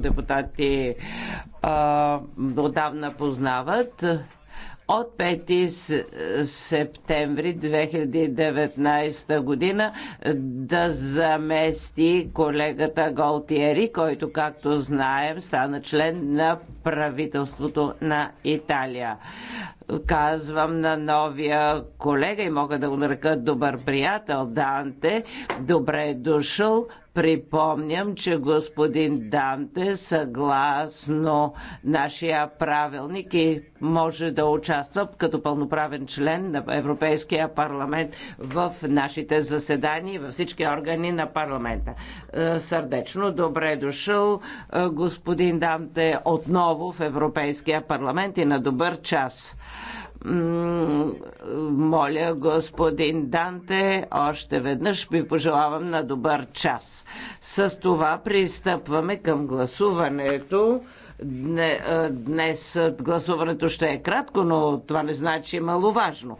Депутати а, отдавна познават. От 5 септември 2019 година да замести колегата Голтиери, който, както знаем, стана член на правителството на Италия казвам на новия колега и мога да го нарека добър приятел Данте, добре е дошъл. Припомням, че господин Данте, съгласно нашия правилник, и може да участва като пълноправен член на Европейския парламент в нашите заседания и във всички органи на парламента. Е, сърдечно добре е дошъл е, господин Данте отново в Европейския парламент и на добър час моля господин Данте, още веднъж ви пожелавам на добър час. С това пристъпваме към гласуването. Днес гласуването ще е кратко, но това не значи е маловажно.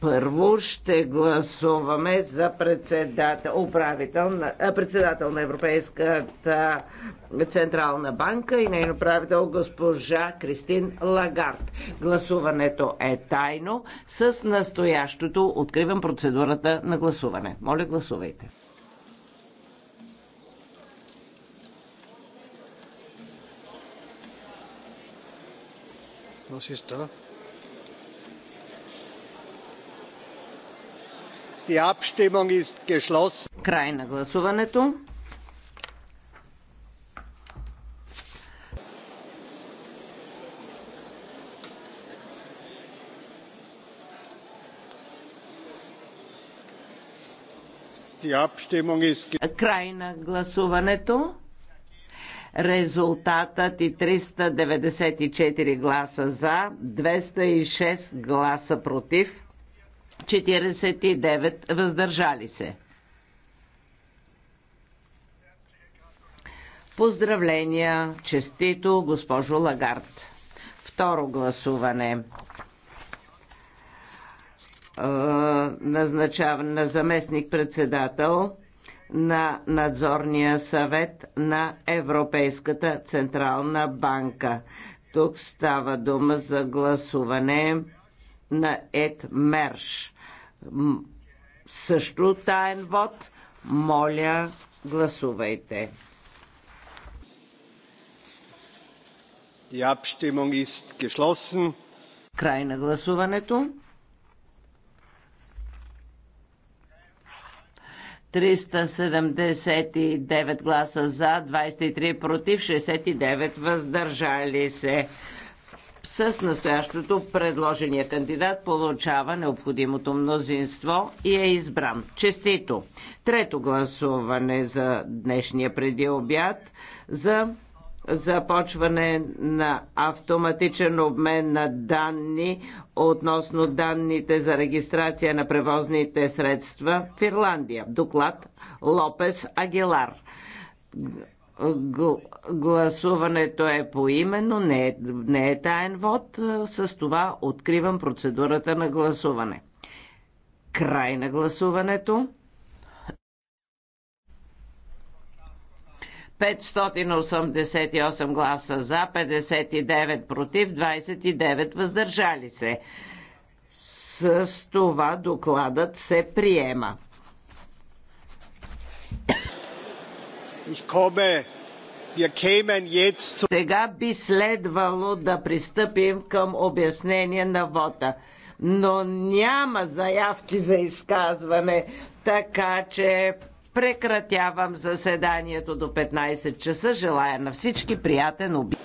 Първо ще гласуваме за председател, управител на, председател на Европейската Централна банка и нейно правител госпожа Кристин Лагард. Гласуването е тайно. С настоящото откривам процедурата на гласуване. Моля, гласувайте. Was ist da? Die Abstimmung ist geschlossen. Край на гласуването. Die Abstimmung ist... Край на гласуването. Резултатът и 394 гласа за, 206 гласа против, 49 въздържали се. Поздравления, честито, госпожо Лагард. Второ гласуване е, назначаване на заместник-председател на надзорния съвет на Европейската централна банка. Тук става дума за гласуване на Ед Мерш. Също таен вод. Моля, гласувайте. Die Abstimmung ist geschlossen. Край на гласуването. 379 гласа за, 23 против, 69 въздържали се. С настоящото предложения кандидат получава необходимото мнозинство и е избран. Честито! Трето гласуване за днешния преди обяд за започване на автоматичен обмен на данни относно данните за регистрация на превозните средства в Ирландия. Доклад Лопес Агилар. Гласуването е поимено, не е, не е таен вод. С това откривам процедурата на гласуване. Край на гласуването. 588 гласа за, 59 против, 29 въздържали се. С това докладът се приема. Сега би следвало да пристъпим към обяснение на вота. Но няма заявки за изказване, така че Прекратявам заседанието до 15 часа. Желая на всички приятен обид.